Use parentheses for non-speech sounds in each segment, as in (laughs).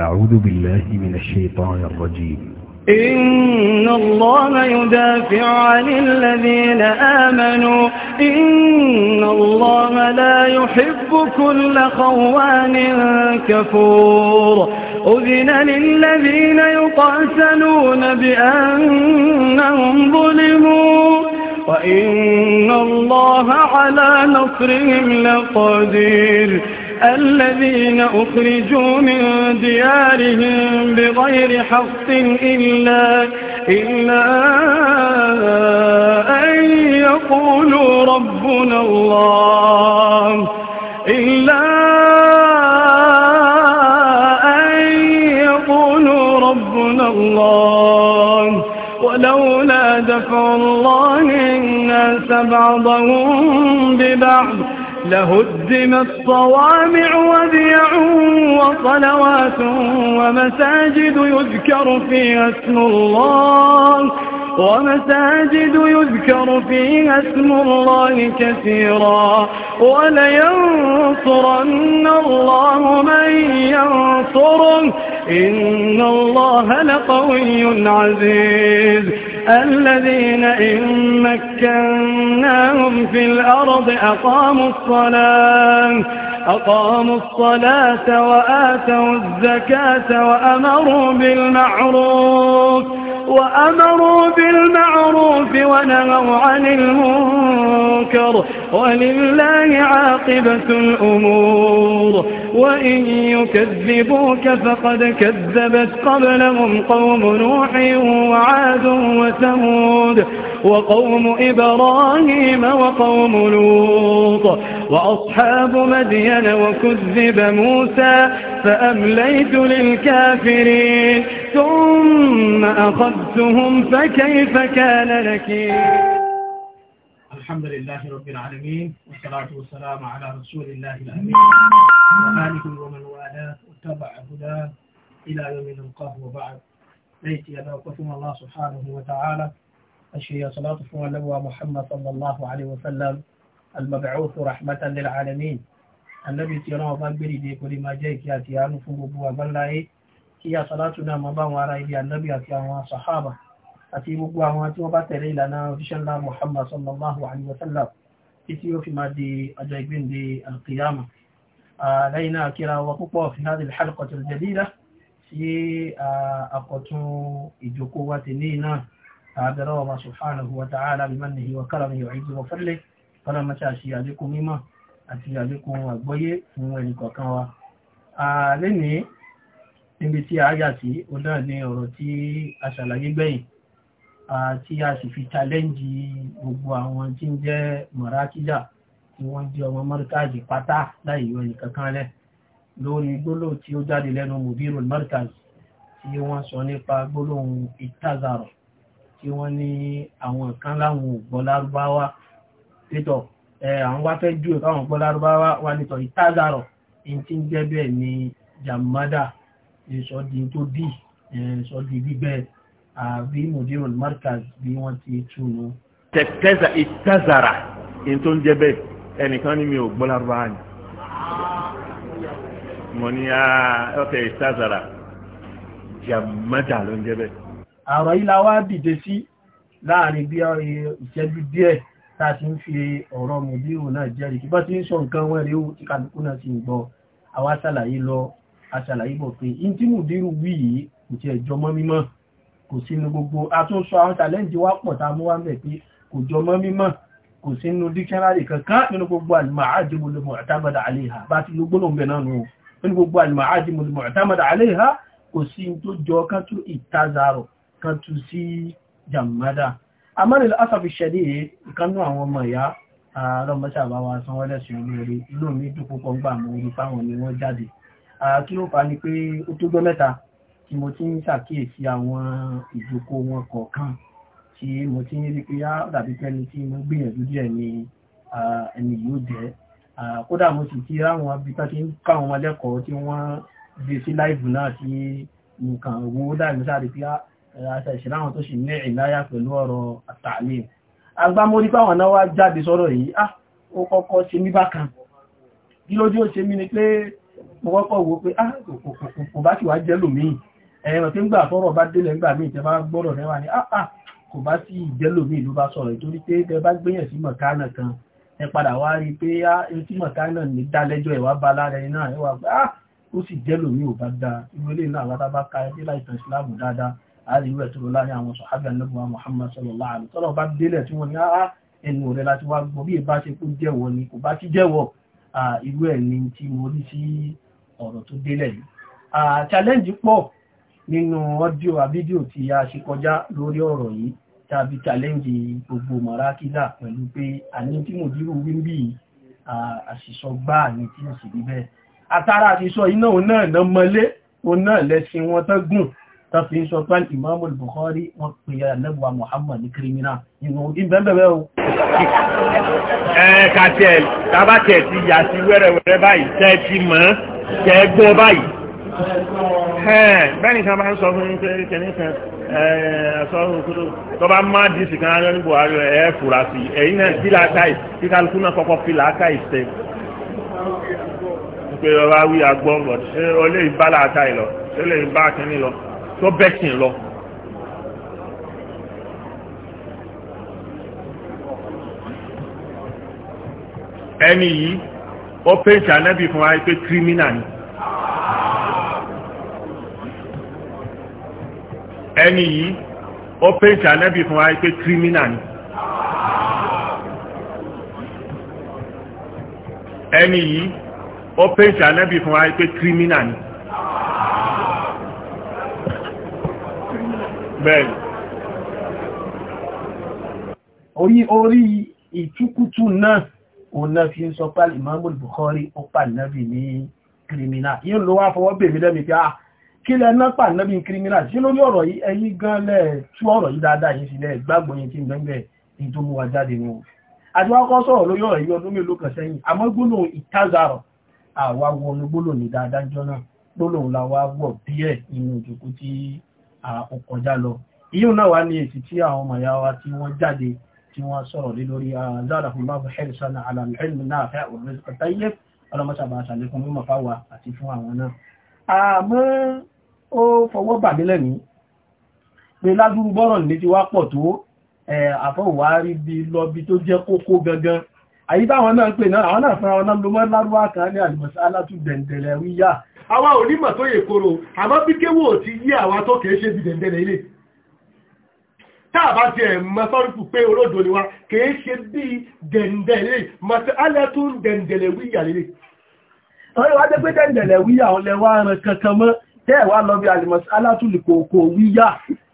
أعوذ بالله من الشيطان الرجيم إن الله يدافع عن الذين آمنوا إن الله لا يحب كل خوان كفور أذن للذين يقاتلون بأنهم ظلموا وإن الله على نصرهم لقدير الذين أخرجوا من ديارهم بغير حق إلا, إلا أن يقولوا ربنا الله إلا أن يقولوا ربنا الله ولولا دفع الله الناس بعضهم ببعض لهدمت صوامع وبيع وصلوات ومساجد يذكر فيها اسم الله ومساجد يذكر فيها اسم الله كثيرا ولينصرن الله من ينصره إن الله لقوي عزيز الذين إن مكناهم في الأرض أقاموا الصلاة أقاموا الصلاة وآتوا الزكاة وأمروا بالمعروف وأمروا بالمعروف ونهوا عن المنكر ولله عاقبة الأمور وإن يكذبوك فقد كذبت قبلهم قوم نوح وعاد وثمود وقوم إبراهيم وقوم لوط وأصحاب مدين وكذب موسى فأمليت للكافرين ثم أخذتهم فكيف كان نكير الحمد لله رب العالمين والصلاة والسلام على رسول الله الأمين وآله ومن والاه واتبع هدى إلى يوم نلقاه وبعد ليتي أنا وقفنا الله سبحانه وتعالى أشهي صلاة الله محمد صلى الله عليه وسلم المبعوث رحمة للعالمين النبي تيرا وبنبري دي كل ما جاء كياتي أنفه بوا بلاي صلاتنا مبان ورائي النبي أتيا وصحابه àti gbogbo àwọn tí wọ́n bá tẹ̀lé ìlànà fíṣọ́nlá Muhammad sallallahu alayhi wa sallam títí ó fi máa di ọjọ́ ìgbéǹde alqiyama lẹ́yìn náà kíra wa púpọ̀ fi hádì alhalqatul jadida sí àkọ̀tún ìjókòó wa ti ní náà àbẹ̀rẹ̀ wa subhanahu wa ta'ala bi mannihi wa karamihi wa ní ọ̀rọ̀ tí tí a sì fi challenge gbogbo àwọn tí ń jẹ́ mọ̀rákíyà tí wọ́n jẹ́ ọmọ mọ́ríkàzì pátá láì yọ ẹnìkankan lẹ̀ lórí gbólóhùn tí ó jáde lẹ́nu mùbírù mọ́ríkàzì tí wọ́n sọ nípa gbólóhùn ìtàzàrọ̀ tí wọ́n ní àwọn kan láwọn ò gbọ́ lárúbáwá pétọ̀ àwọn wá jù ni jamada ìsọ̀dì tó dì ìsọ̀dì gbígbẹ́ àbí mudirul markaz bí wọ́n ti túnú. tẹ̀tẹ́zà ìtẹ́zàrà in tó ń jẹ́ bẹ́ẹ̀ ẹnìkan ní mi ò gbọ́ lárúbáwá ni mo ní ọkẹ̀ ah, ìtẹ́zàrà jàmẹ́jà ló ń jẹ́ bẹ́ẹ̀. àrọ̀ yìí la wá dìde sí láàrin bí eh, ìṣẹ́jú díẹ̀ tá a ti ń fi ọ̀rọ̀ mudirul náà jẹ́rìí kí bá ti ń sọ nǹkan wọn rí ó tí kálukú náà ti ń gbọ́ àwa ṣàlàyé lọ aṣàlàyé bọ̀ pé kò sínú gbogbo atúnṣọ àwọn tàlẹ́ǹtì wá pọ̀ tá mú wá ń bẹ̀ pé kò jọ mọ́ mímọ̀ kò sínú dictionary kankan nínú gbogbo al-ma'ajimul mu'tamada 'alayha bá ti gbóná bẹ̀ náà nù nínú gbogbo al-ma'ajimul mu'tamada 'alayha kò sí tó jọ kan tó ìtazarọ̀ kan tó sí jàmádà amánil asafi ṣẹ̀dí ìkanú kí ló fà ní pé ó tó gbọ́ mẹ́ta tí mo ti ń ṣàkíyèsí àwọn ìjòkó wọn kọ̀ọ̀kan tí mo ti ń rí pé á dàbí pẹ́ni tí mo gbìyànjú díẹ̀ ni ẹni yóò jẹ́ kódà mo sì ti ráwọn abita tí ń káwọn ọmọlẹ́kọ̀ọ́ tí wọ́n gbé sí láìbù náà tí nǹkan wo dàbí sáré pé àṣà ìṣẹ̀lẹ̀ àwọn tó sì ní ìláyà pẹ̀lú ọ̀rọ̀ àtàlẹ́ agbámórí báwọn náà wá jáde sọ̀rọ̀ yìí á ó kọ́kọ́ ṣe mí bákan bí lójú ó ṣe mí ni pé mo kọ́kọ́ wo pé á kò bá sì wá jẹ́ lòmíì ẹ̀rọ tí ń gbà fọ́rọ̀ bá délẹ̀ ń gbà mí ìtẹ́ bá gbọ́rọ̀ rẹ̀ wà ní àà ah, ah, kò bá sí ìjẹ́lòmí ló bá sọ̀rọ̀ ìtorí pé tẹ bá gbéyàn sí mọ̀kánà kan ẹ padà wá rí pé á ah, etí mọ̀kánà ní dálẹ́jọ́ ẹ̀wà bá lára ẹni náà ẹwà pé á ó sì jẹ́lòmí ò bá dáa irú eléyìí náà wàtá bá ka ẹbí láì tàn síláàmù dáadáa á rí irú tó lọ àwọn sọ̀hábà nígbà Muhammad sallallahu alaihi tọ́lọ̀ bá délẹ̀ tí wọ́n ní á ẹnu rẹ̀ láti wá ni kò bá ti jẹ́wọ́ ni tí mo rí sí ọ̀rọ̀ tó challenge pọ̀ nínú ọ́díò àbídíò tí a ṣe kọjá lórí ọ̀rọ̀ yìí tàbí challenge gbogbo mọ̀rákídà pẹ̀lú pé àní tí mo dírú wíńbì àṣìṣọ gbá àní tí ó sì rí bẹ́ẹ̀. àtàrà àṣìṣọ iná òun náà ná mọ́lé òun náà lẹ́sìn wọn tán gùn tán fi ń sọ pé Imam Bukhari wọn pe ẹlẹ́wà Muhammad ní kírímínà nínú ìbẹ́bẹ̀bẹ́ o. ẹ kàtẹ́ tábàtẹ̀ ti yà sí wẹ́rẹ́wẹ́rẹ́ báyìí tẹ́ ti mọ̀ tẹ́ báyìí bẹ́ẹ̀ni kan bá ń sọ fún pé kẹ́ni kan sọ́run kúrò tó bá má dì sí kan á lọ́nà Buhari ẹ̀ fura sí ẹ̀yìn náà kí làákàì kí kálukú náà kọ́kọ́ fi làákàì ṣe pé ọba wí agbọ́ngbọ̀ ṣé o lè bá làákàì lọ ṣé o lè bá kínní lọ tó bẹ́ẹ̀kìn lọ. ẹni yìí ó pèsè ànábì fún wa pé kírímínà ni. ẹni yìí ó pèsè ànábì fún wa pé kírímínà ni ẹni yìí ó pèsè ànábì fún wa pé kírímínà ni bẹ́ẹ̀ orí orí ìtúkútù náà òun náà fi ń sọ pálì Imamul Bukhari ó pàlì náà bì ní kírímínà yíò ló wá fọwọ́ bèèrè lẹ́mìí pé ah kí lẹ náà pà náà bí n kírímínà sí lórí ọ̀rọ̀ yìí ẹ̀yin gan lẹ̀ tú ọ̀rọ̀ yìí dáadáa yìí sílẹ̀ gbàgbọ́ yìí tí ń gbẹ́ngbẹ́ ní tó mú wa jáde ní o àti wọn kọ́ sọ̀rọ̀ lórí ọ̀rọ̀ yìí ọdún mélòó kan sẹ́yìn àmọ́ gbólóhùn ìtázàrọ̀ àwa wọnú gbólóhùn ní dáadáa jọ náà gbólóhùn la wá wọ̀ díẹ̀ inú ìjòkó tí ó kọjá lọ ìyóò náà wá ní èsì tí àwọn ọmọ ìyá wa tí wọ́n jáde tí wọ́n sọ̀rọ̀ lé lórí zara fúnmáfù hẹ́rìsánà alàmìhẹ́rìmì náà fẹ́ òrùlé àwọn àmọ́ ó fọwọ́ bà mí lẹ́mí pé ládúrú bọ́rọ̀ ní ti wá pọ̀ tó àfọwà rí bí lọ bí tó jẹ́ kókó gangan àyíbáwọn náà pè náà àwọn náà fẹ́ra ọ̀nà lọ́mọ́ lárúwá kan ní àlùmọ̀sá alátú dẹ̀ndẹ̀lẹ̀ wíyà àwọn onímọ̀ tó yè kóró àmọ́ bí kéwò ti yí àwọn tó kèé ṣe bí dẹ̀ndẹ̀lẹ̀ ilé tàbá ti ẹ̀ mọ́sọ́rùkù pé olódò ni wá kèé ṣe bí dẹ̀ndẹ̀lẹ̀ mọ́sá alátú dẹ̀ndẹ̀lẹ̀ wíyà lélẹ̀ tẹ́ẹ̀wà lọ bí alìmọ̀sí alátùlù kòkò wíyá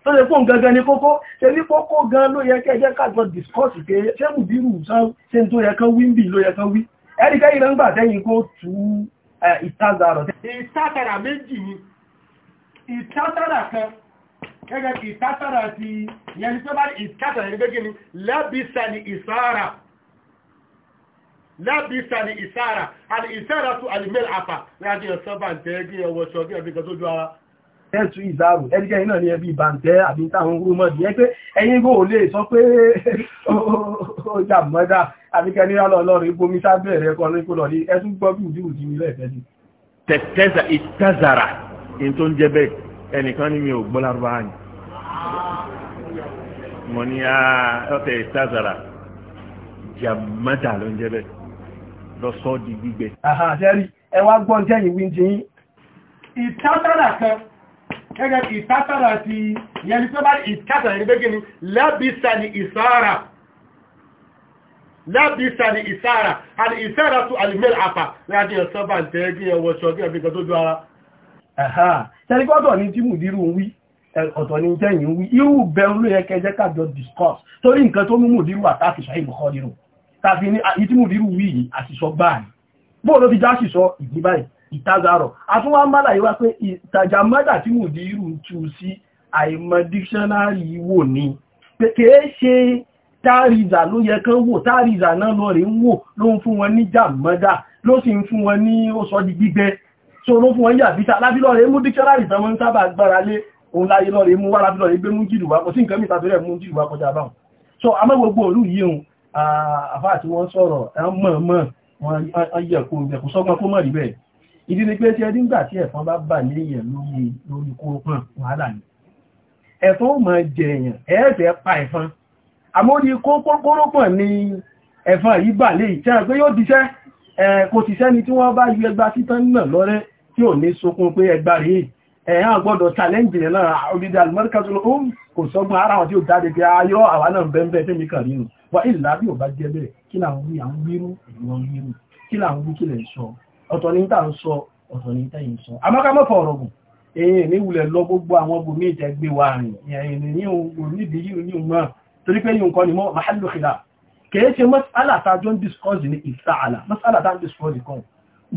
tó lè fún gangan ní kókó ṣe ní kókó gan ló yẹ kẹ́ẹ̀jẹ́ kájọ discourse pé ṣe mù bí rùsán ṣe tó yẹ kán wí ń bì ló yẹ kán wí ẹ̀ríkẹ́ ìrẹ́ tẹ́yìn kó tú ìtázàrọ̀ ìtátàrà lábìsà ni ìsára àti ìsára tó alìmẹ́lì àpà láti ọ̀sán bàǹtẹ́ ẹgbẹ́ ọwọ́ ṣọ bí ẹgbẹ́ tó jọ ara ẹ̀sù ìzáàrù ẹgbẹ́ iná ní ẹbí ìbàǹtẹ́ àbí táwọn orú mọ́ díẹ̀ pé ẹ̀yin kò lè sọ pé (laughs) ó jà mọ́dá àbíkẹ́ ní ọlọ́ọ̀lọ́rin bomi sábẹ̀rẹ̀ ẹ̀kọ́ ní kó lọ ní ẹ̀sù gbọ́ bí ìdí òjì ilẹ̀ ìfẹ́ sí. tẹ̀tẹ́sà ìtẹ́sàrà ní tó ń jẹ́ bẹ́ẹ̀ ẹnìkan ní mi ò gbọ́ lárúbá ni mo ní ah, ọ̀tẹ̀ ìtẹ́sàrà jàmọ́dà ló ń jẹ́ bẹ́ẹ̀ lọ sọ di gbígbẹ. àhàṣẹ́rí ẹ wá gbọ́n tẹ́yìn wí ti yín ìtátàrà kan gẹ́gẹ́ ìtátàrà ti yẹni tó bá ìtátàrà ní gbégé ni lábísà ni ìsára lábísà ni ìsára àti ìsára tó alìmẹ́lì àpà láti ẹ̀sọ́ bá ń tẹ́ẹ̀gí ẹwọ́ ṣọ́ bí ẹ̀bí kan tó jọ ara. ṣẹ́rí gbọ́dọ̀ ni tí mùdírù ń wí ọ̀tọ̀ ni jẹ́yìn ń wí irú bẹ̀rù ló yẹ kẹjẹ́ kájọ discuss torí nǹkan tó mú mùdírù àtàkì ṣáì bùkọ́ nínú tàbí ní ah, ìtìmù rírù wí yìí àṣìṣọ báyìí bóò ló fi já ṣìṣọ ìdí báyìí ìtazarọ̀ àtúnwà mọ́là ìwá pé ìtajà mọ́dà tí mù dí rù tú sí àìmọ̀ dictionary wò ní pé kèé ṣe táàrìzà ló yẹ kán wò táàrìzà náà lọ rẹ̀ wò ló ń fún wọn ní jàmọ́dà ló sì ń fún wọn ní ó di gbígbẹ so ló fún wọn yà bíta lábílọ́ rẹ̀ mú dictionary tán wọ́n sábà gbára lé òun láyé lọ rẹ̀ mú wá lábílọ́ so àmọ́ gbogbo òlú yìí àfá àti wọ́n sọ̀rọ̀ mọ̀mọ̀ wọn yẹ̀kú ìgbẹ̀kú sọ́gbọ́n kó mọ̀ rí bẹ́ẹ̀ ìdí ni pé tí ẹdí ńgbà tí ẹ̀fọn bá bà ní èèyàn lórí lórí kó pọ̀n wàhálà ni ẹ̀fọn ò mọ̀ jẹ èèyàn ẹ̀ẹ́fẹ́ pa ẹ̀fọn àmọ́ ní kó kóró pọ̀ ní ẹ̀fọn yìí bà lè jẹ́ pé yóò diṣẹ́ kò sì sẹ́ni tí wọ́n bá yọ ẹgbà títán náà lọ́rẹ́ tí ò ní sọkún pé ẹgbà rèé ẹ̀yàn gbọ́dọ̀ challenge rẹ̀ náà orílẹ̀-èdè almarkatul home kò sọ́gbọ́n ara wọn tí ó dáadé pé ayọ́ àwa náà bẹ́ẹ̀ bẹ́ẹ̀ tẹ́mi nínú wà ìlà bí ò bá jẹ́ bẹ́ẹ̀ kí là ń wí à ń wírú ìwọ̀n wírú kí là ń wí kí lẹ̀ ń sọ ọ̀tọ̀ ní tà ń sọ ọ̀tọ̀ ní tà ń sọ àmọ́ ká mọ́ gùn èyí ní wulẹ̀ lọ gbogbo àwọn bòmí ìtẹ́ gbé wa rìn ni mọ́ mahalu khilaf kìí ṣe mas'ala tá jọ ń discourse ní mas'ala tá ń discourse kan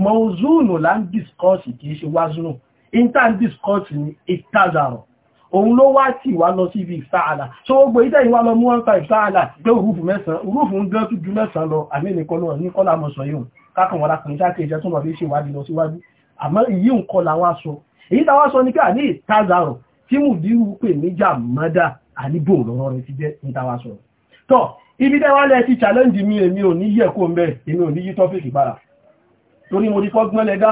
mọ̀ọ́zùnù là ń discourse kìí ṣe wázùnù ìta ń òun ló wá tí wá lọ sí ibi ìsáàlà tó gbogbo ìdẹ́ ìwá lọ mú ọ́nfà ìsáàlà gbé òrùfù mẹ́sàn òrùfù ń gán tó ju mẹ́sàn lọ àmẹ́nìkọ́lọ́ ní kọ́lá mọ̀sọ̀ yìí kákan wọ́n lápùn ìṣáké ìṣẹ́ tó lọ́dé ṣe wádìí lọ síwájú àmọ́ ìyí ń kọ́ làwọn aṣọ èyí táwọn aṣọ ni pé àní ìtazàrọ̀ tí mù dírú pè níjà mọ́dà àníbò lọ́rọ́ rẹ̀ ti jẹ́ ní táwọn aṣọ tọ́ ibi tẹ́wà lẹ ti challenge mi èmi ò ní yẹ̀ kó ń bẹ̀ èmi ò ní yí tọ́fíìkì padà torí mo rí fọ́gbọ́n lẹ́gá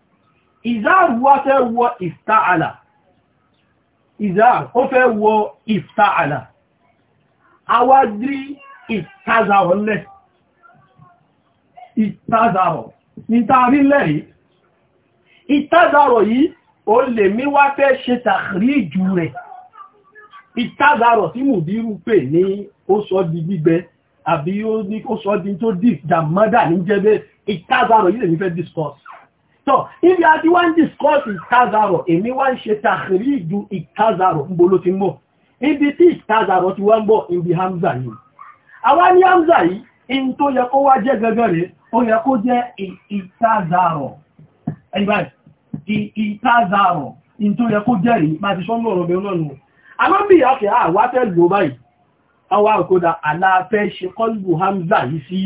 ìzáàrù wá fẹ́ wọ ìftáàlà ìzáàrù ó fẹ́ wọ ìftáàlà awádìí ìtázàrọ̀ lẹ̀ ìtázàrọ̀ nítàrí lẹ́rí ìtázàrọ̀ yìí ó lè mí wá fẹ́ ṣe tàrí jù rẹ̀ ìtázàrọ̀ tí mù dírú pè ní ó sọ di gbígbẹ àbí ó ní ó sọ di tó dì jàmọ́dà ní jẹ́bẹ́ ìtázàrọ̀ yìí lè mí fẹ́ discourse tọ́ ibi àti wá ń discuss ìtazarọ̀ èmi wá ń ṣe tàkìrí ìdú ìtazarọ̀ ń bolo ti mọ́ ibi tí ìtazarọ̀ ti wá ń bọ̀ ibi hamza yìí àwa ní hamza yìí in tó yẹ kó wá jẹ́ gẹ́gẹ́ rẹ̀ ó yẹ kó jẹ́ ìtazarọ̀ ìtazarọ̀ in tó yẹ kó jẹ́ rí máa ti sọ́nà ọ̀rọ̀ bẹ̀rún lọ́nu àmọ́ bí àfẹ́ àwa ah, fẹ́ lò báyìí àwa òkúta aláfẹ́ ṣe kọlù hamza yìí sí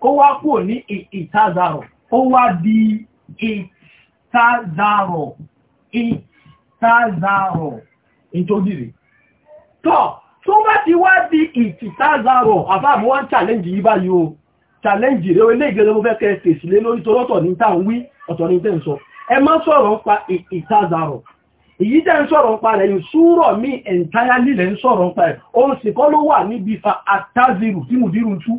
kó wá kúrò ní ìtàzàrọ̀ ó wá di ìtàzàrọ̀ ìtàzàrọ̀ ìtòdìrí tọ́ tó bá ti wá di ìtàzàrọ̀ àfáàmù wọ́n challenge yí báyìí o challenge rẹ̀ olé ìgbẹ̀rẹ̀ mo fẹ́ kẹ́ fèsì lé lórí tó lọ́tọ̀ ní tàn wí ọ̀tọ̀ ní tẹ́ ń sọ ẹ má sọ̀rọ̀ pa ìtàzàrọ̀ èyí tẹ́ ń sọ̀rọ̀ pa rẹ̀ ìṣúrọ̀ mí entirely lẹ́ ń sọ̀rọ̀ pa ẹ̀ o ló wà níbi fa àtàzìrù tí mùdírù tú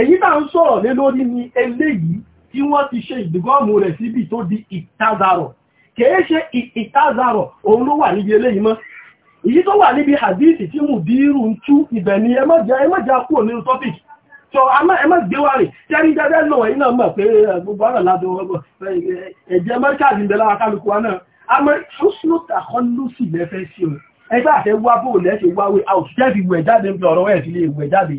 èyí tá ń sọ̀rọ̀ lé lórí ni eléyìí tí wọ́n ti ṣe ìdígọ́ọ̀mù rẹ̀ síbi tó di ìtazarọ̀ kìí ṣe ìtazarọ̀ òun ló wà níbi eléyìí mọ́ èyí tó wà níbi hadithi tí mù dírù ń tú ibẹ̀ ni ẹmọ́jà kúrò nínú topic so ẹmọ́ gbéwàrí tẹ́rí jẹ́jẹ́ lọ ẹ̀yìn náà mọ̀ pé gbogbo ọ̀rọ̀ ládọ́ ẹ̀jẹ̀ mẹ́ríkàdì ń wa náà ẹgbẹ́ àfẹ́ wá bóòlẹ́ wáwé out jẹ́ fi wẹ̀ jáde ń bẹ ọ̀rọ̀ ẹ̀ sí lè wẹ̀ jáde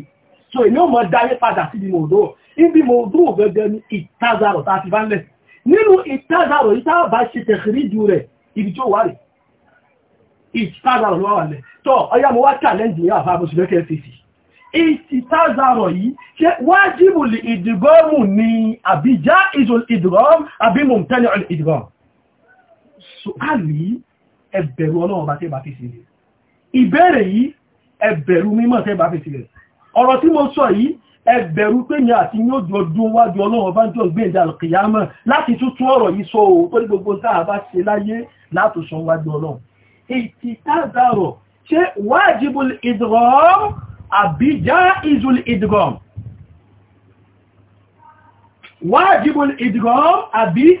so èmi ò mọ̀ darí padà síbi mòdó ibi mòdó gẹ́gẹ́ ní ìtázàrọ̀ tá a ti bá ń lẹ̀ nínú ìtázàrọ̀ yìí tá a bá ṣe tẹ̀sírí ju rẹ̀ ibi tí ó wà rẹ̀ ìtázàrọ̀ ló wà lẹ̀ tó ọyá mo wá challenge ní àbá mo sì lẹ́kẹ̀ẹ́ fèsì ìtìtázàrọ̀ yìí ṣe wájìbù lè ìdìgọ́mù ni àbíjá ìzòl ìdìgọ́m àbímù tẹ́lẹ̀ ọ̀lẹ̀ ìdìgọ́m. ṣùgbọ́n ẹbẹ̀rù ọlọ́run bá tẹ́ bá fi sílẹ̀ ìbẹ̀rẹ̀ yìí ẹbẹ̀rù mímọ̀ tẹ́ bá fi sílẹ̀ ọ̀rọ̀ tí mo sọ yìí ẹbẹ̀rú pé ní àti ní òjò ọdún wájú ọlọ́run bá ń jọ gbé ìdá àlùkìyámà láti tútún ọ̀rọ̀ yìí sọ òun tó ní gbogbo táà bá ṣe láyé látòsàn wájú ọlọ́run ètì tàdàrọ̀ ṣe wájibul idgham àbí jaizul idgham wájibul idgham àbí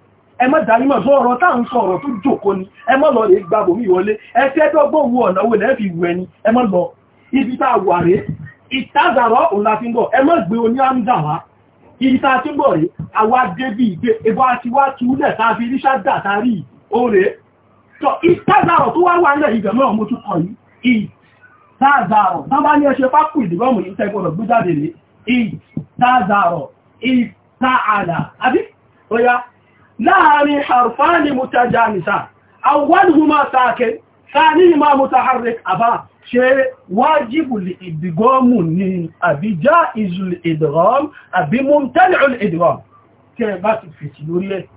ẹ má dárímọ̀ sọ ọ̀rọ̀ tá à ń sọ ọ̀rọ̀ tó jòkó ni ẹ má lọ rè é gbàbò mí wọlé ẹ fẹ́ dọ́gbọ́n wo ọ̀nà wo lẹ́ẹ̀fì wù lọ ibi tá a wà rè ìtàzàrọ̀ òun la fi oní àmdà ibi tá a ti ń bọ̀ rè àwa débi ìgbé ebó àti wá túlẹ̀ tá a fi ríṣà dà sáré òrè tọ ìtàzàrọ̀ tó wá wà nílẹ̀ ìgbẹ̀mọ́ ọmọ tó kọ̀ yìí ìtàzàrọ̀ tá bá ní ẹ láàrin harfani mutajanisa awwaluhuma sakin thanihuma mutaharrik aba ṣe wájíbù ìdìgọ́mù ni àbí jaizu ìdìgọ́m àbí mumtani'u ìdìgọ́m tí ẹ bá ti fèsì lórí ẹ̀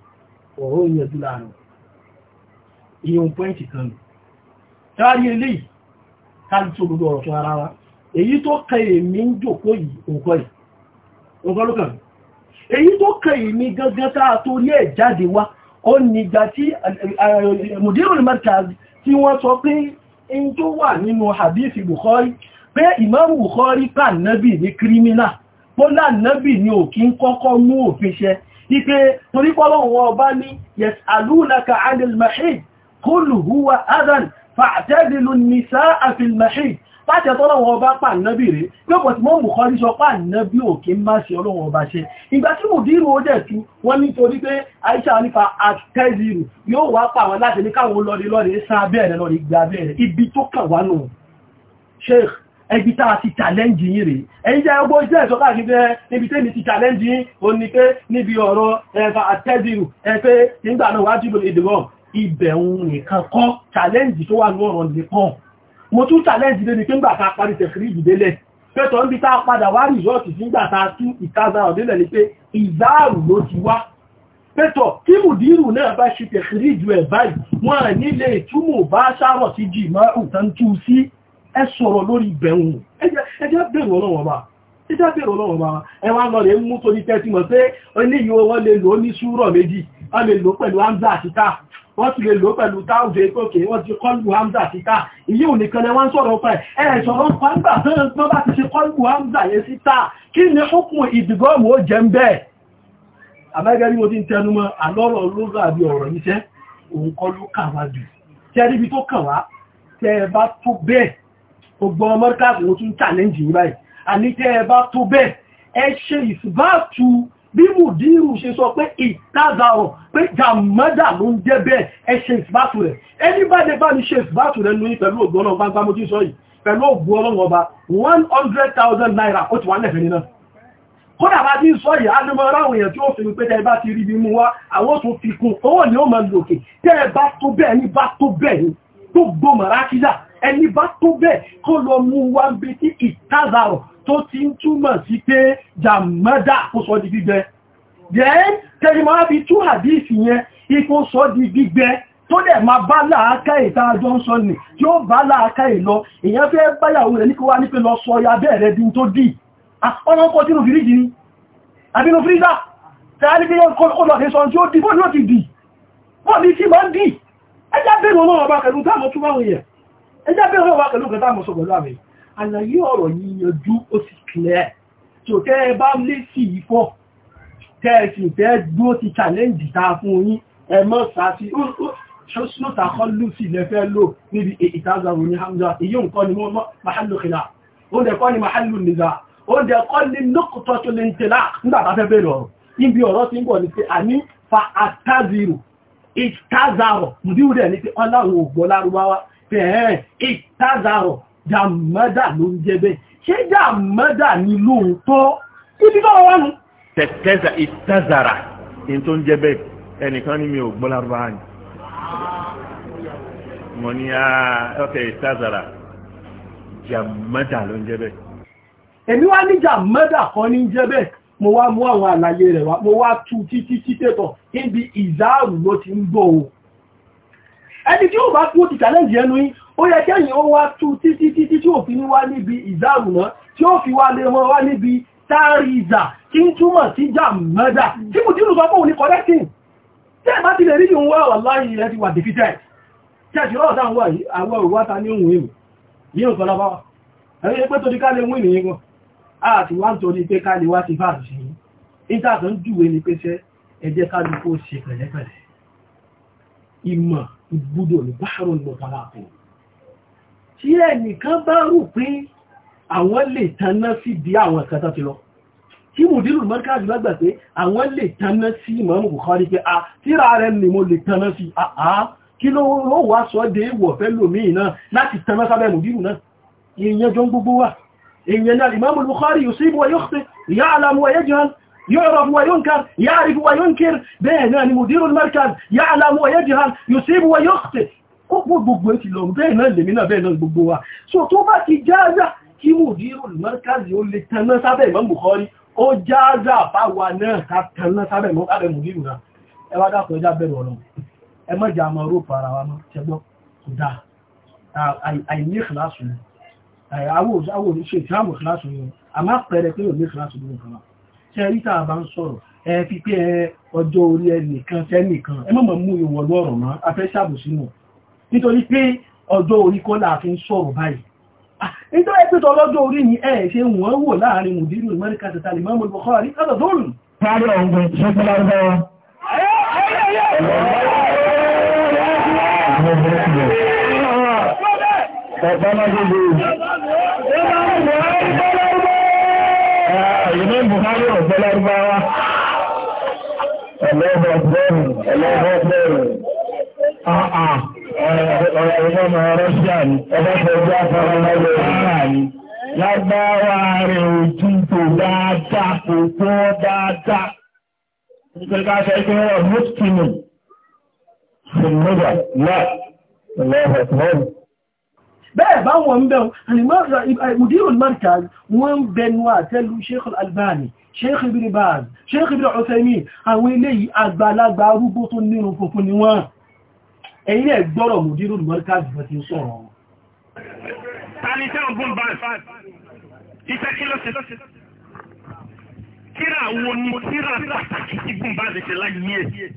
ọ̀rọ̀ ìyẹ̀dú láàrin ìyẹn pọ́ìntì kan nù tàbí ilé tàbí tó gbogbo ọ̀rọ̀ tó ara wa èyí tó kẹ èmi ń jòkó yìí òǹkọ́ yìí òǹkọ́ lókàn èyí tó kẹ̀yìn ní gangan táà tó ní ẹ̀ jáde wá ó nígbà tí eh, mùdírùn markaz tí wọ́n sọ pé in tó wà nínú hadith bukhari pé imam bukhari pa nábì ní kírímínà pọ́lá nábì ní òkí ń kọ́kọ́ mú òfin ṣẹ ipé torípọ́lọ́wọ́ ọba ní yẹ̀sàlúnaka anil mahid kúlù huwa adhan fàtẹ́dìlú nìsá àfilmẹ̀ṣì láti ẹ̀tọ́lọ́wọ́ ọba pà náàbì rẹ̀ pé pọ̀ tí mọ́ mú kọ́rí sọ pà náàbì òkè má sí ọlọ́wọ́ ọba ṣe ìgbà tí mò dírò ó dẹ̀ tú wọ́n nítorí pé Aisha nípa àtẹ́zìrù yóò wá pà wọn láti ní káwọn lọ́rí lọ́rí sá bẹ́ẹ̀rẹ̀ lọ́rí gbà bẹ́ẹ̀rẹ̀ ibi tó kàn wá nù Sheikh ẹbí tá ibẹ̀un nìkan kọ́ challenge tó wà ní ọ̀rọ̀ nìkan mo tún challenge lé ní pé ńgbà ta parí tẹ̀kìrí ìdílélẹ̀ pẹ́tọ̀ ń bí tá padà wá rìsọ́ọ̀tì sí ńgbà ta tú ìtaza ọ̀dẹ́lẹ̀ ni pé ìzáàrù ló ti wá pẹ́tọ̀ tí mùdírù náà bá ṣe tẹ̀kìrí ìjù ẹ̀ báyìí wọ́n à nílé ìtumọ̀ bá sáwọ̀ sí jì mọ́ òtán tú sí ẹ sọ̀rọ̀ lórí ìbẹ̀un ẹjẹ́ bẹ̀rù ọlọ́wọ́ bá títẹ́ bèèrè ọlọ́run bá ẹwà lọ rẹ̀ mú tó ní tẹ́tí mọ̀ pé oníyíwọ́ wọ́n lè lò ó ní ṣúrọ̀ méjì wọ́n lè lò pẹ̀lú áńzà àti táà wọ́n ti lè lò pẹ̀lú táùdé tókè wọ́n ti kọlù hamza síta ìyí ò nìkan lẹ́wọ́n sọ̀rọ̀ pẹ̀ ẹ̀ sọ̀rọ̀ hamza tó bá ti ṣe kọlù hamza yẹn síta kí ni ókùn ìdìgọ́mù ó jẹ ń bẹ́ẹ̀ amẹ́gẹ́ bí mo ti ń tẹnumọ́ alọ́rọ̀ olóògbà àbí ọ̀rọ̀ iṣẹ́ òun kọ́ ló kà wá jù tẹ́ níbi tó kàn wá tẹ́ ẹ bá tó bẹ́ẹ̀ gbogbo ọmọ káàkiri tún challenge yìí báyìí àní tẹ́ ẹ bá tó bẹ́ẹ̀ ẹ ṣe bí mùdírù ṣe sọ pé ìtàzàrọ̀ pé jàmọ́dà ló ń jẹ́ bẹ́ẹ̀ ẹ ṣe ìsìbátù rẹ̀ ẹni bá dé bá ní ṣe ìsìbátù rẹ̀ lóyìn pẹ̀lú ògbó ọlọ́run bá ń gbámọ́ tí sọ yìí pẹ̀lú ògbó ọlọ́run naira ó ti wà lẹ́fẹ̀ẹ́ nínú kódà bá ti ń sọ yìí ánimọ̀ ráwọn èèyàn tí ó fi ń pé tẹ́ẹ̀bá ti rí ẹni bá tó bẹ́ẹ̀ kó lọ mú wá ń bí tí ìtàzàrọ̀ tó ti ń túmọ̀ sí pé jàmọ́dà kó sọ di gbígbẹ yẹn tẹ́lẹ̀mọ́ á fi tú àdíìsì yẹn ikú sọ di gbígbẹ tó dẹ̀ máa bá láàáká ìta àjọ ń sọ nì tí ó bá láàáká ìlọ èèyàn fẹ́ báyàwó rẹ̀ ní kí wá ní pé lọ sọ ya bẹ́ẹ̀rẹ̀ bí tó dì ọ̀nà ọkọ̀ tínú fìríjì ní àbínú fríza tẹ́lẹ̀ bí ó lọ kẹsàn tí ó dì bọ́ọ̀lù ti dì bọ́ọ̀lù ti máa ń dì ẹjá bẹ́ẹ̀rẹ̀ ọlọ́run ọba pẹ̀lú táàmù túnmáwò ẹjẹ́ bí ọ̀rọ̀ wà pẹ̀lú kẹta mọ̀ sọ pẹ̀lú àmì àlàyé ọ̀rọ̀ yíyanjú ó sì clear tó tẹ́ ẹ bá lé sí ìfọ́ tẹ́ ẹ sì tẹ́ dúró ti challenge ta fún yín ẹ mọ́ sá sí ṣọ́ṣọ́ tàkọ́lù sí lẹ́fẹ́ lò níbi ìtazàrò ní Hamza èyí nǹkan ni wọ́n mahallu khila ó dẹ̀ kọ́ ni mahallu nìza ó dẹ̀ kọ́ ni lókùtọ́ tó lè ń tẹ̀lá nígbà tá fẹ́ bẹ̀rẹ̀ ọ̀rọ̀ níbi ọ̀rọ̀ tí ń bọ̀ ní pé àní fa àtàzìrò ìtazàrò mùdíwù dẹ̀ ní pé ọlọ́run ò gbọ́ lárúbáwá ẹ̀ẹ́ ìtàzàrọ̀ jàmọ́dà ló ń jẹ́ bẹ́ẹ̀ ṣé jàmọ́dà ni lóòótọ́ ibi tó wọ́n nù. tẹ̀tẹ́zà ìtàzàrà ní tó ń jẹ́ bẹ́ẹ̀ ẹnìkan ní mi ò gbọ́ lárúbáwá ni mo ní á ah, ọ̀kẹ́ ìtàzàrà jàmọ́dà ló ń jẹ́ bẹ́ẹ̀. èmi wá ní jàmọ́dà kan ní jẹ́ bẹ́ẹ̀ mo wá mú àwọn àlàyé rẹ̀ wá mo wá tu títí níbi ìzáàrù ló ti ń o. ẹni tí ó bá kú ti challenge ẹnu yín ó yẹ kẹ́yìn ó wá tú títí títí tí ò fi ní wá níbi ìzárùná tí ó fi wá lè wọn wá níbi táàrìzà kí ń túmọ̀ sí jàmọ́dà tí mo dínú sọ fóun ní correcting tẹ́ bá ti lè rí ìhun wá wàláyé rẹ̀ ti wà defeated tí ẹ̀sìn ọ̀dá àwọn òwúwátà ní òun èmì yíò sọ́lọ́bá ẹ̀rí pé tó di ká lè mú ìnìyàn gan àti wá ń torí pé ká lè wá ti fàájú sí yí ìtàtàn jùwé ní pé ṣẹ́ ẹjẹ́ ká lè kó ṣe pẹ̀lẹ́pẹ̀lẹ́ ìmọ̀ ìgbúdò ní báhàrùn mọ̀tàlá fún tí ẹnìkan bá rò pé àwọn lè tanná sí di àwọn ìkàtà ti lọ tí mùdírù mọ́káàdì bá gbà pé àwọn lè tanná sí ìmọ̀mù Bukhari pé a ah, tíra rẹ̀ ni mo lè tanná sí àá ah, ah, kí ló wá sọ dé wọ̀ fẹ́ lòmíì náà láti tanná sábẹ́ mùdírù náà ìyẹn jọ gbogbo wà èèyàn náà ìmọ̀mù Bukhari yóò sí ìbúwa yóò ya'lamu wa yajhal يعرف وينكر يعرف وينكر بيه ناني مدير المركز يعلم ويجهل يصيب ويخطئ gbogbo gbogbo ẹ ti lọ bẹ́ẹ̀ náà lèmi náà bẹ́ẹ̀ náà gbogbo wa so tó bá ti jáàzà kí mudirul markazi ó lè tanná sábẹ̀ Imam Bukhari ó jáàzà báwa náà ká tanná sábẹ̀ mọ́ sábẹ̀ mudiru náà ẹ wá dákọ̀ ẹjá bẹ̀rù ọ̀rọ̀ ẹ má jà máa ró para wa mọ́ ṣẹgbọ́ kò dá àìní ìkìláṣù ni àwọn òṣìṣẹ́ ìtìlámù ìkìláṣù ni àmọ́ pẹ̀rẹ̀ pé òní ìkìláṣù ni tẹ́rítà bá ń sọ̀rọ̀ ẹ fi pé ẹ ọjọ́ orí ẹnìkan tẹ́nìkan ẹ mọ̀mọ̀ mú ìwọ̀ lọ́rọ̀ mọ́ afẹ́ ṣàbò sínú nítorí pé ọjọ́ orí kọ́ là fi ń sọ̀rọ̀ báyìí nítorí pé tọlọ́jọ́ orí ni ẹ ṣe wọ́n wò láàrin mùdírù mẹ́ríkà tẹ̀tà lè mọ́mọ́ Bukhari kátà tó rùn. Sáré ọ̀gbìn ṣe fún lárúbáwá. Bàbá máa ń gbé ìmọ̀ Buhari ọ̀gbẹ́ lárúbáwá ẹlẹ́bọ̀gbẹ́rù ẹlẹ́bọ̀gbẹ́rù ọ̀rọ̀ ìmọ̀ ọmọ Rọ́ṣíà ni ọgbẹ́gbẹ́gbẹ́ afárá lọ́wọ́ ìmọ̀ ni lágbára rẹ̀ ojú tó dáadáa kò tó dáadáa nítorí ká sọ ìpínlẹ̀ mọ́tìmù ṣùgbọ́n náà lọ́wọ́ ìmọ̀ bẹ́ẹ̀ bá wọn bẹ́ẹ̀ mùdírù markaz wọ́n bẹnu àtẹ́lú sheikh albani sheikh ibn baz sheikh ibn uthaymin àwọn eléyìí àgbàlagbà arúgbó tó nínú funfun ni wọ́n ẹ̀yìn ẹ̀ gbọ́rọ̀ mùdírù markaz bẹ̀ ti sọ̀rọ̀ Tíra wo ni tíra pàtàkì tí gùn bá lè ṣe láyé ẹ̀?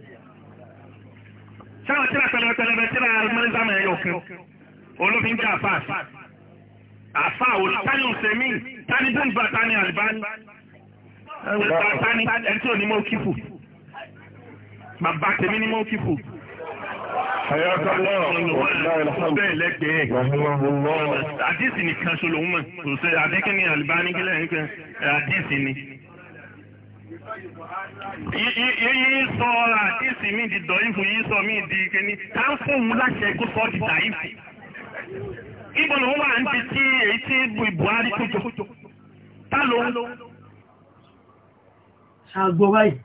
Ṣáwọn tíra pẹ̀lẹ̀pẹ̀lẹ̀ tíra olófin jẹ́ àfà àfà ò tani òsèmí tani bùnbà tani àlìbáni tani ẹni tí ò ní mọ́ kífù bàbá tèmi ní mọ́ kífù. Àdísì ni kan ṣo lòun mọ̀, kò sẹ́ àdíkí ni àlìbáni kílẹ̀ nǹkan àdísì ni. Yíyí sọ àdísì mi di dọ̀yìn fún yíyí sọ mi di kíní, ká ń fóun láṣẹ kó sọ di dàyìn fún ibo ló wà ń ti tí èyí tí Buhari kójó tá ló ń. ṣàgbọ́ báyìí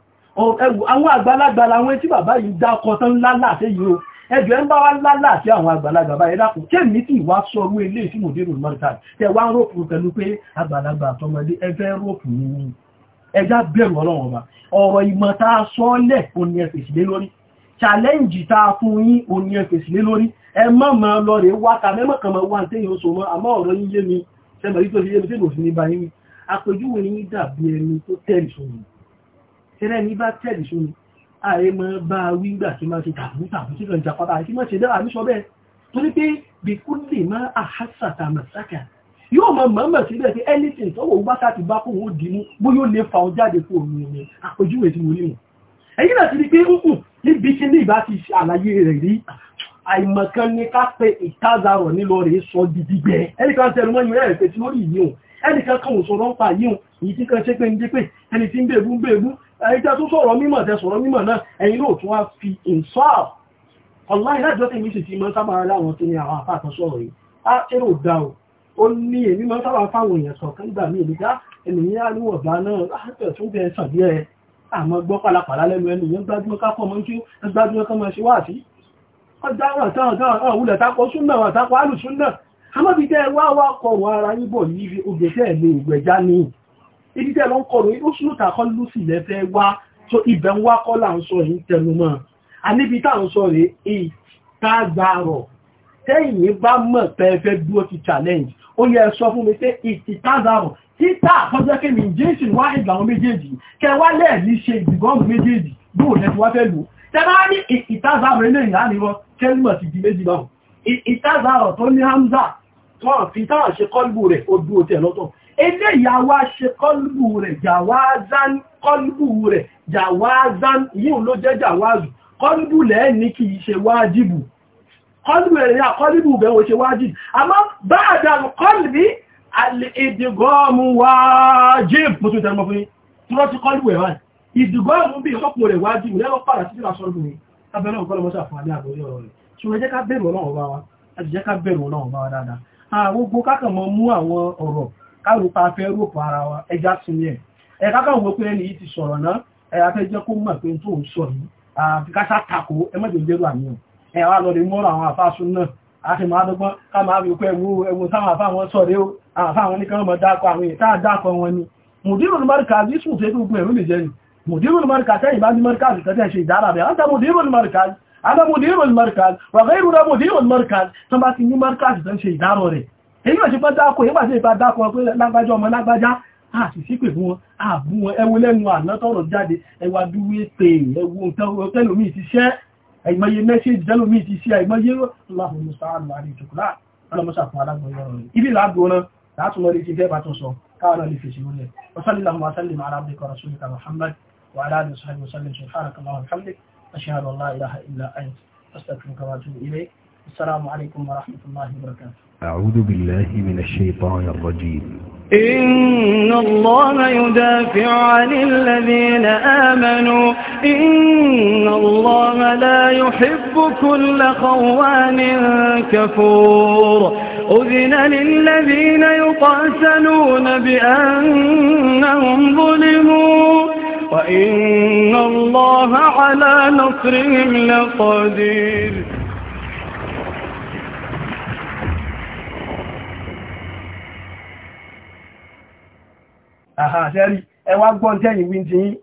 àwọn àgbàlagbà làwọn etí bàbá yìí dákọ tán lálà séyìí o ẹjọ́ ẹ ń bá wá lálà sí àwọn àgbàlagbà báyìí dákùn kéèmí tí ìwà sọrú ilé tí mo dé rò mọ́ta tẹ wá ń rọ́pù pẹ̀lú pé àgbàlagbà àtọmọdé ẹgbẹ́ rọ́pù nínú ẹjá bẹ̀rù ọlọ́run ọba ọ̀rọ̀ ìmọ̀ tá a sọ lẹ̀ òní ẹ̀fẹ̀sílẹ̀ lórí challenge tá a fún yín òní ẹ̀fẹ̀sílẹ̀ lórí ẹ má ma lọ rẹ̀ wáta mẹ́mọ̀ kan ma wá ń tẹ́yìn oṣù mọ́ àmọ́ ọ̀rọ̀ yíyé mi sẹ́mọ̀ yí tó fi yé mi tẹ́lẹ̀ òfin níbà yín àpèjúwe yín dàbí ẹni tó tẹ̀lé sómi tẹ́lẹ̀ ní bá tẹ̀lé sómi ààrẹ mọ́ bá wígbà tí máa ṣe tàbí tàbí tí kan jà pátá àti má ṣe dára ní sọ bẹ́ẹ̀ torí pé bìkú lè má àhásà tàmàsákà yóò mọ mọ̀mọ̀ síbẹ̀ pé anything tọ́wọ́ bá sáti bá kóhun ó dì mú bóyá ó lè fa ọ jáde kó o ní àpèjúwe tí mo ní mọ̀ ẹ̀yìn náà ti rí pé ń kù níbi tí ní ìbá ti ṣàlàyé rẹ̀ rí àìmọ̀kan ní ká pé ìtázarọ̀ nílò rẹ̀ sọ dídígbẹ́ ẹnìkan tẹnu mọ́ ìrẹ́ ẹ̀fẹ́ tí lórí yíò ẹnìkan kan ò sọ̀rọ̀ ń pa yíò èyí tí kan ṣe pé ń dé pé ẹni tí ń bèbú ń bèbú ẹjẹ́ tó sọ̀rọ̀ mímọ̀ tẹ sọ̀rọ̀ mímọ̀ náà ẹ̀yin ló tún wá fi ìǹsọ́ọ̀ ọ̀láì lájọ́ tèmi sì ti mọ́ sábà láwọn tó ní àwọn àpá kan sọ̀rọ̀ yìí á ṣeré ò dá o ó ní èmi mọ́ sábà fáwọn èèyàn sọ̀kan gbà mí ìlú dá ènìyàn àríwọ̀gbà náà láàpẹ̀ tó bẹ̀ẹ́ sàn díẹ̀ àmọ́ gbọ́ pàlàpàlà lẹ́nu ẹnu yẹn gbájúmọ́ ká fọ́ mọ́ ń kí gbájúmọ́ ká mọ́ ṣe wá sí ọjà wà táwọn táwọn àwúlẹ̀ takọ súnà wà takọ alùsúnà àmọ́bí tẹ́ wá wá kọrùn ara yín bọ̀ ní ogbè tẹ́ ẹ̀lẹ́ ìgbẹ̀já ní ibi tẹ́ lọ ń kọrùn ó súnà takọ lùsì lẹ́fẹ́ wá tó ibẹ̀ ń wá kọ́ là ń sọ yìí tẹnumọ́ àníbi tá ń sọ rèé ìtagbàrọ̀ tẹ́yìn bá mọ̀ pẹ́ẹ́fẹ́ dúró ti challenge ó yẹ sọ fún mi pé ìtagbàrọ̀ títà àkọjọ́ kí mi jésù wá ìgbà àwọn méjèèjì kẹwàá lẹ́ẹ̀ ní ṣe ìdìbọn méjèèjì bóò lẹ́tí wá fẹ́ lò tẹ́bá ní ìtàzàrọ̀ ilé ìyá ni wọ́n kẹ́lìmọ̀ ti di méjì báhùn ìtàzàrọ̀ tó ní hamza tọ́n fi táwọn ṣe kọlbù rẹ̀ ó dúró tẹ̀ lọ́tọ̀ ilé ìyàwó ṣe kọlbù rẹ̀ jàwázán kọlbù rẹ̀ jàwázán yíò ló jẹ́ jàwázù kọlbù lẹ́ẹ̀ni kì í ṣe wájìbù kọlbù rẹ̀ yà kọlbù bẹ́ẹ̀ ó ṣe wájìbù àmọ́ báadàn kọlbì àlè ìdìgọ́mù wájìbù mo ti kọlbù ìdùgbọ́nù bí ọ̀pọ̀ rẹ̀ wájú lẹ́wọ́ pàdà sí ìlàsọ́lùmí abẹ́lẹ́ ọ̀pọ̀lọpọ̀ àfààní àgbóyọ̀ rẹ̀ ṣùgbọ́n jẹ́ ká bẹ̀rù ọlọ́run bá wa àti jẹ́ ká bẹ̀rù ọlọ́run bá wa dáadáa àwọn ogun kákan mọ mú àwọn wa ẹja sinmi ẹ̀ ẹ̀ kákan wo pé ẹni yìí ti sọ̀rọ̀ náà ẹ̀ afẹ́ jẹ́ kó mọ̀ pé tó ń sọ yìí àfi káṣá tako ẹ mọ̀ tó jẹ́rù àníyàn ẹ̀ wá lọ rí mọ́rọ̀ àwọn àfáàsùn náà àti máa dọ́gbọ́n ká máa fi pẹ́ ẹ̀wù ẹ̀wù táwọn àfáwọn sọ̀rẹ́ o àfáwọn oníkan mọ̀ dákọ̀ àwọn èyí tá wọn ni mùdírò ní bá rí kàdí tó ẹgbẹ́ ogun lè jẹ́ ni مدير المركز أي بعد المركز كتير شيء دارا بي أنت مدير المركز أنا مدير المركز وغيرنا مدير المركز ثم بس إني مركز كتير شيء دارا ري èyí ò ṣe bá dákò ìgbà sí ìbá dákò pé lágbájá ọmọ lágbájá àṣìṣí pè fún wọn àbú wọn ẹwọ lẹ́nu àná tọ́rọ̀ jáde ẹwà dúwé pé ẹwọ nǹkan tẹ́lòmí ti ṣẹ́ àìmọye mẹ́ṣẹ́jì tẹ́lòmí ti ṣẹ́ àìmọye láàrín ìjọkùnlá وعلى آله وصحبه وسلم سبحانك اللهم وبحمدك أشهد أن لا إله إلا أنت أستغفرك وأتوب إليك السلام عليكم ورحمة الله وبركاته أعوذ بالله من الشيطان الرجيم إن الله يدافع عن الذين آمنوا إن الله لا يحب كل خوان كفور أذن للذين يقاتلون بأنهم ظلموا وإن الله على نصرهم لقدير Àhà ṣẹ́rí, ẹwà gbọ́n tẹ́yìn wí ti yín,